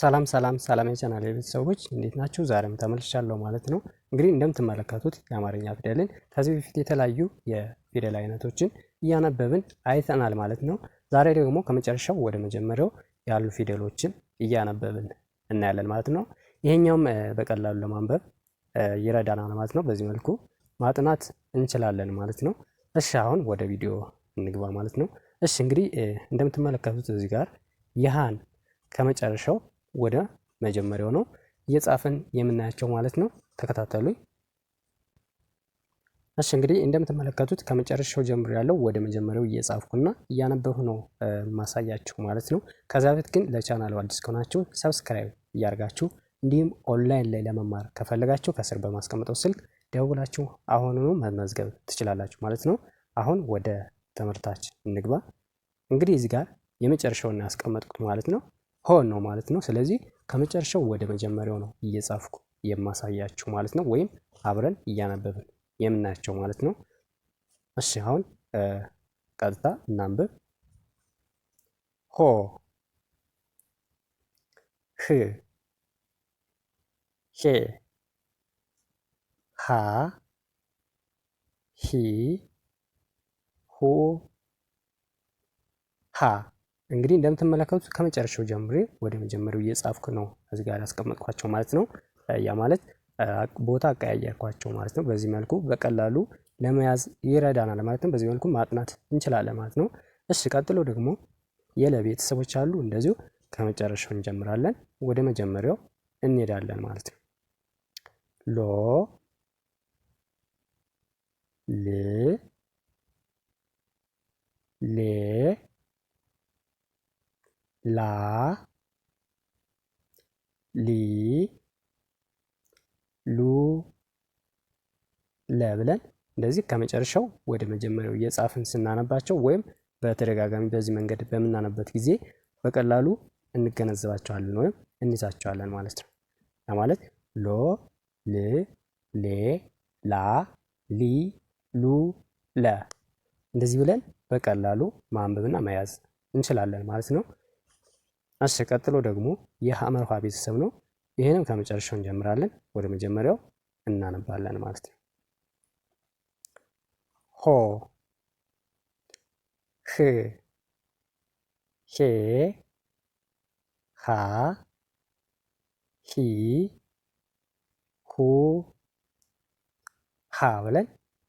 ሰላም ሰላም ሰላም የቻናል ቤተሰቦች እንዴት ናችሁ? ዛሬም ተመልሻለሁ ማለት ነው። እንግዲህ እንደምትመለከቱት የአማርኛ ፊደልን ከዚህ በፊት የተለያዩ የፊደል አይነቶችን እያነበብን አይተናል ማለት ነው። ዛሬ ደግሞ ከመጨረሻው ወደ መጀመሪያው ያሉ ፊደሎችን እያነበብን እናያለን ማለት ነው። ይሄኛውም በቀላሉ ለማንበብ ይረዳናል ማለት ነው። በዚህ መልኩ ማጥናት እንችላለን ማለት ነው። እሺ አሁን ወደ ቪዲዮ እንግባ ማለት ነው። እሺ እንግዲህ እንደምትመለከቱት እዚህ ጋር ይሃን ከመጨረሻው ወደ መጀመሪያው ነው እየጻፍን የምናያቸው ማለት ነው። ተከታተሉኝ። እሺ እንግዲህ እንደምትመለከቱት ከመጨረሻው ጀምሮ ያለው ወደ መጀመሪያው እየጻፍኩና እያነበቡ ነው ማሳያችሁ ማለት ነው። ከዛ በፊት ግን ለቻናሉ አዲስ ከሆናችሁ ሰብስክራይብ እያደርጋችሁ እንዲሁም ኦንላይን ላይ ለመማር ከፈለጋችሁ ከስር በማስቀምጠው ስልክ ደውላችሁ አሁኑኑ መመዝገብ ትችላላችሁ ማለት ነው። አሁን ወደ ትምህርታችን እንግባ። እንግዲህ እዚህ ጋር የመጨረሻውን ያስቀመጥኩት ማለት ነው። ሆን ነው ማለት ነው። ስለዚህ ከመጨረሻው ወደ መጀመሪያው ነው እየጻፍኩ የማሳያችሁ ማለት ነው። ወይም አብረን እያነበብን የምናያቸው ማለት ነው። እሺ አሁን ቀጥታ እናንብብ። ሆ ህ ሄ ሃ ሂ ሁ ሃ እንግዲህ እንደምትመለከቱት ከመጨረሻው ጀምሬ ወደ መጀመሪያው እየጻፍኩ ነው እዚህ ጋር ያስቀመጥኳቸው ማለት ነው። ያ ማለት ቦታ አቀያየርኳቸው ማለት ነው። በዚህ መልኩ በቀላሉ ለመያዝ ይረዳናል ማለት ነው። በዚህ መልኩ ማጥናት እንችላለን ማለት ነው። እሺ ቀጥሎ ደግሞ የለ ቤተሰቦች አሉ። እንደዚሁ ከመጨረሻው እንጀምራለን ወደ መጀመሪያው እንሄዳለን ማለት ነው። ሎ ል ሌ ላ ሊ ሉ ለ ብለን እንደዚህ ከመጨረሻው ወደ መጀመሪያው እየጻፍን ስናነባቸው ወይም በተደጋጋሚ በዚህ መንገድ በምናነበት ጊዜ በቀላሉ እንገነዘባቸዋለን ወይም እንይዛቸዋለን ማለት ነው። ለማለት ሎ ል ሌ ላ ሊ ሉ ለ እንደዚህ ብለን በቀላሉ ማንበብና መያዝ እንችላለን ማለት ነው። እሺ ቀጥሎ ደግሞ የሐመር ውሃ ቤተሰብ ነው። ይህንም ከመጨረሻው እንጀምራለን። ወደ መጀመሪያው እናነባለን ማለት ነው። ሆ ህ ሄ ሃ ሂ ሁ ሃ ብለን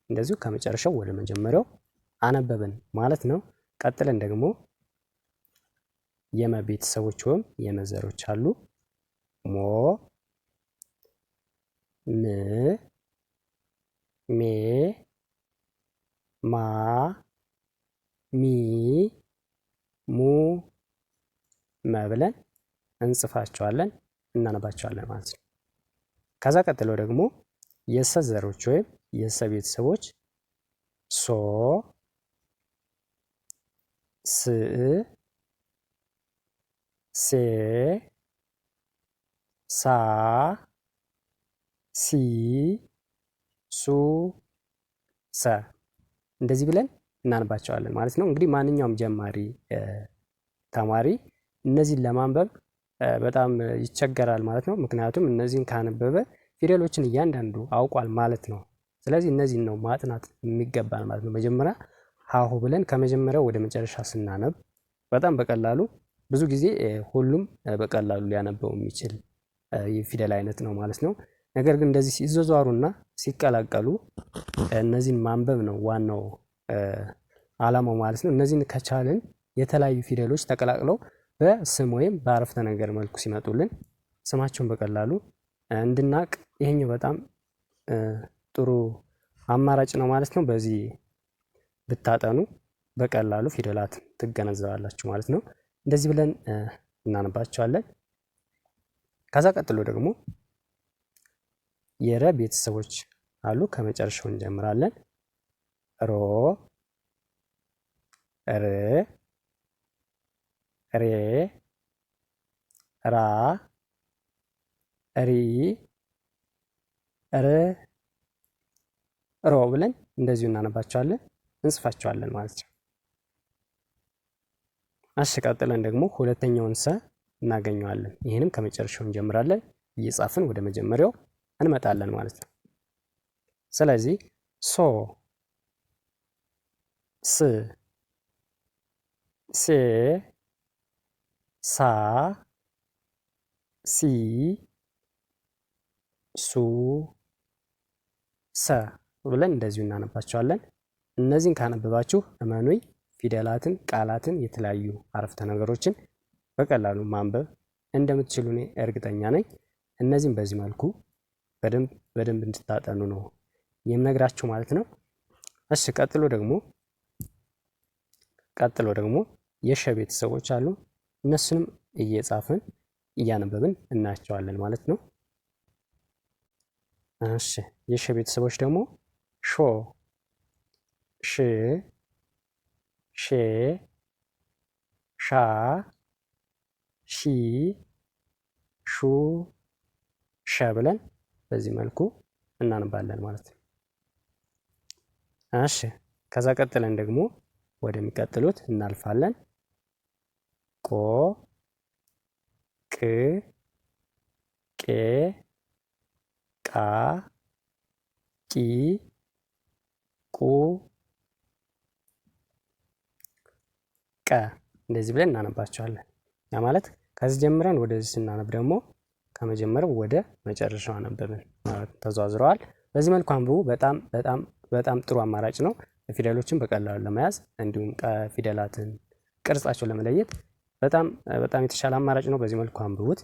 እንደዚሁ ከመጨረሻው ወደ መጀመሪያው አነበብን ማለት ነው። ቀጥለን ደግሞ የመ ቤተሰቦች ወይም የመዘሮች አሉ። ሞ ም ሜ ማ ሚ ሙ መ ብለን እንጽፋቸዋለን እናነባቸዋለን ማለት ነው። ከዛ ቀጥሎ ደግሞ የሰ ዘሮች ወይም የሰ ቤተሰቦች ሶ ስ ሴ ሳ ሲ ሱ ሰ እንደዚህ ብለን እናንባቸዋለን ማለት ነው። እንግዲህ ማንኛውም ጀማሪ ተማሪ እነዚህን ለማንበብ በጣም ይቸገራል ማለት ነው። ምክንያቱም እነዚህን ካነበበ ፊደሎችን እያንዳንዱ አውቋል ማለት ነው። ስለዚህ እነዚህን ነው ማጥናት የሚገባን ማለት ነው። መጀመሪያ ሀሁ ብለን ከመጀመሪያው ወደ መጨረሻ ስናነብ በጣም በቀላሉ ብዙ ጊዜ ሁሉም በቀላሉ ሊያነበው የሚችል የፊደል አይነት ነው ማለት ነው። ነገር ግን እንደዚህ ሲዘዟሩና ሲቀላቀሉ እነዚህን ማንበብ ነው ዋናው አላማው ማለት ነው። እነዚህን ከቻልን የተለያዩ ፊደሎች ተቀላቅለው በስም ወይም በአረፍተ ነገር መልኩ ሲመጡልን ስማቸውን በቀላሉ እንድናቅ ይሄኛው በጣም ጥሩ አማራጭ ነው ማለት ነው። በዚህ ብታጠኑ በቀላሉ ፊደላት ትገነዘባላችሁ ማለት ነው። እንደዚህ ብለን እናነባቸዋለን። ከዛ ቀጥሎ ደግሞ የረ ቤተሰቦች አሉ። ከመጨረሻው እንጀምራለን። ሮ፣ ር፣ ሬ፣ ራ፣ ሪ፣ ር፣ ሮ ብለን እንደዚሁ እናነባቸዋለን፣ እንጽፋቸዋለን ማለት ነው። አሸቃጥለን ደግሞ ሁለተኛውን ሰ እናገኘዋለን። ይህንም ከመጨረሻው እንጀምራለን። እየጻፍን ወደ መጀመሪያው እንመጣለን ማለት ነው። ስለዚህ ሶ፣ ስ፣ ሴ፣ ሳ፣ ሲ፣ ሱ፣ ሰ ብለን እንደዚሁ እናነባቸዋለን። እነዚህን ካነበባችሁ እመኑኝ ፊደላትን፣ ቃላትን፣ የተለያዩ አረፍተ ነገሮችን በቀላሉ ማንበብ እንደምትችሉ እኔ እርግጠኛ ነኝ። እነዚህም በዚህ መልኩ በደንብ በደንብ እንድታጠኑ ነው የምነግራችሁ ማለት ነው። እሺ ቀጥሎ ደግሞ ቀጥሎ ደግሞ የሸ ቤተሰቦች አሉ። እነሱንም እየጻፍን እያነበብን እናያቸዋለን ማለት ነው። እሺ የሸ ቤተሰቦች ደግሞ ሾ፣ ሽ ሼ ሻ ሺ ሹ ሸ ብለን በዚህ መልኩ እናንባለን ማለት ነው። እሺ ከዛ ቀጥለን ደግሞ ወደሚቀጥሉት እናልፋለን። ቆ ቅ ቄ ቃ ቂ ቁ ቀ እንደዚህ ብለን እናነባቸዋለን። ያ ማለት ከዚህ ጀምረን ወደዚህ ስናነብ ደግሞ ከመጀመሪያው ወደ መጨረሻው አነበብን ማለት ተዟዝረዋል። በዚህ መልኩ አንብቡ። በጣም በጣም በጣም ጥሩ አማራጭ ነው። ፊደሎችን በቀላሉ ለመያዝ እንዲሁም ፊደላትን ቅርጻቸው ለመለየት በጣም በጣም የተሻለ አማራጭ ነው። በዚህ መልኩ አንብቡት።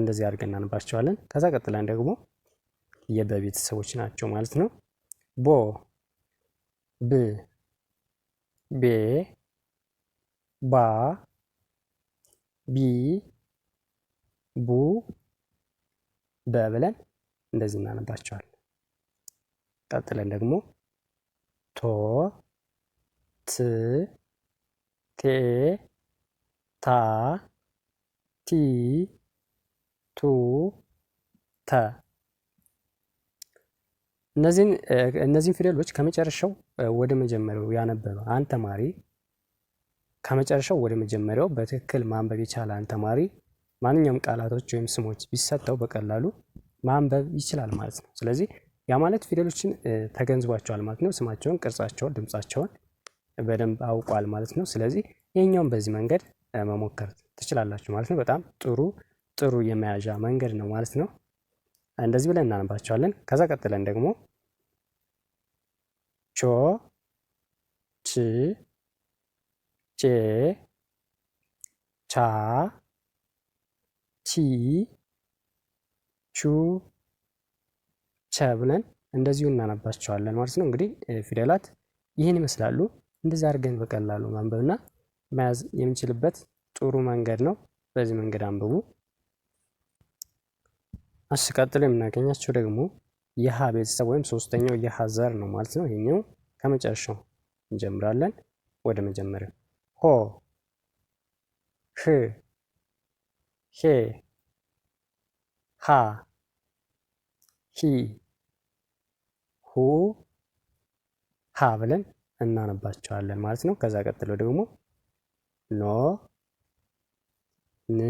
እንደዚህ አድርገን እናነባቸዋለን። ከዛ ቀጥለን ደግሞ የበቤተሰቦች ናቸው ማለት ነው። ቦ ብ ቤ ባ ቢ ቡ በ ብለን እንደዚህ እናነባቸዋለን። ቀጥለን ደግሞ ቶ ት ቴ ታ ቲ ቱ ተ እነዚህን ፊደሎች ከመጨረሻው ወደ መጀመሪያው ያነበበ አንድ ተማሪ ከመጨረሻው ወደ መጀመሪያው በትክክል ማንበብ የቻለ አንድ ተማሪ ማንኛውም ቃላቶች ወይም ስሞች ቢሰጠው በቀላሉ ማንበብ ይችላል ማለት ነው። ስለዚህ ያ ማለት ፊደሎችን ተገንዝቧቸዋል ማለት ነው። ስማቸውን፣ ቅርጻቸውን፣ ድምጻቸውን በደንብ አውቋል ማለት ነው። ስለዚህ ይህኛውን በዚህ መንገድ መሞከር ትችላላችሁ ማለት ነው። በጣም ጥሩ ጥሩ የመያዣ መንገድ ነው ማለት ነው። እንደዚህ ብለን እናነባቸዋለን። ከዛ ቀጥለን ደግሞ ቾ ች ጬ ቻ ቺ ቹ ቸ ብለን እንደዚሁ እናነባቸዋለን ማለት ነው። እንግዲህ ፊደላት ይህን ይመስላሉ። እንደዚህ አድርገን በቀላሉ ማንበብና መያዝ የምንችልበት ጥሩ መንገድ ነው። በዚህ መንገድ አንብቡ። አስቀጥሎ የምናገኛቸው ደግሞ የሀ ቤተሰብ ወይም ሶስተኛው የሀ ዘር ነው ማለት ነው። ይህኛው ከመጨረሻው እንጀምራለን ወደ መጀመሪያው ሆ ህ ሄ ሃ ሂ ሁ ሃ ብለን እናነባቸዋለን ማለት ነው። ከዛ ቀጥሎ ደግሞ ኖ ን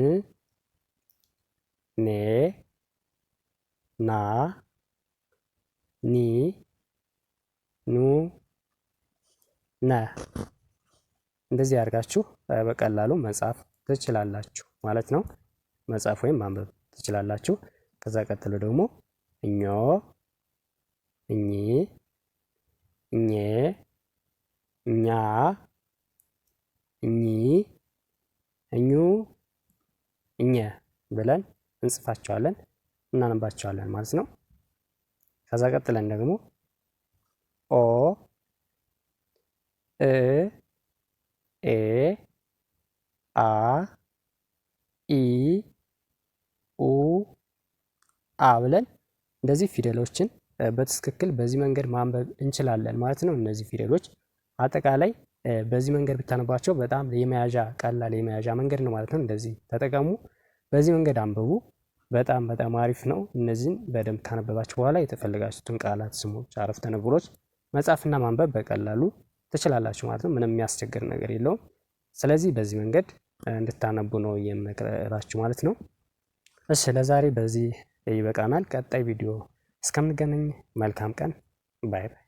ኔ ና ኒ ኑ ነ እንደዚህ አድርጋችሁ በቀላሉ መጻፍ ትችላላችሁ ማለት ነው። መጻፍ ወይም ማንበብ ትችላላችሁ። ከዛ ቀጥሎ ደግሞ እኞ፣ እኚ፣ እኜ፣ እኛ፣ እኚ፣ እኙ፣ እኘ ብለን እንጽፋቸዋለን እናነባቸዋለን ማለት ነው። ከዛ ቀጥለን ደግሞ ኦ እ ኤ አ ኢ ኡ አ ብለን እንደዚህ ፊደሎችን በትክክል በዚህ መንገድ ማንበብ እንችላለን ማለት ነው። እነዚህ ፊደሎች አጠቃላይ በዚህ መንገድ ብታነባቸው በጣም የመያዣ ቀላል የመያዣ መንገድ ነው ማለት ነው። እንደዚህ ተጠቀሙ፣ በዚህ መንገድ አንብቡ። በጣም በጣም አሪፍ ነው። እነዚህን በደንብ ካነበባቸው በኋላ የተፈለጋችሁትን ቃላት፣ ስሞች፣ አረፍተ ነገሮች መጻፍና ማንበብ በቀላሉ ትችላላችሁ ማለት ነው። ምንም የሚያስቸግር ነገር የለውም። ስለዚህ በዚህ መንገድ እንድታነቡ ነው የምመክራችሁ ማለት ነው። እሺ ለዛሬ በዚህ ይበቃናል። ቀጣይ ቪዲዮ እስከምንገናኝ መልካም ቀን። ባይ ባይ።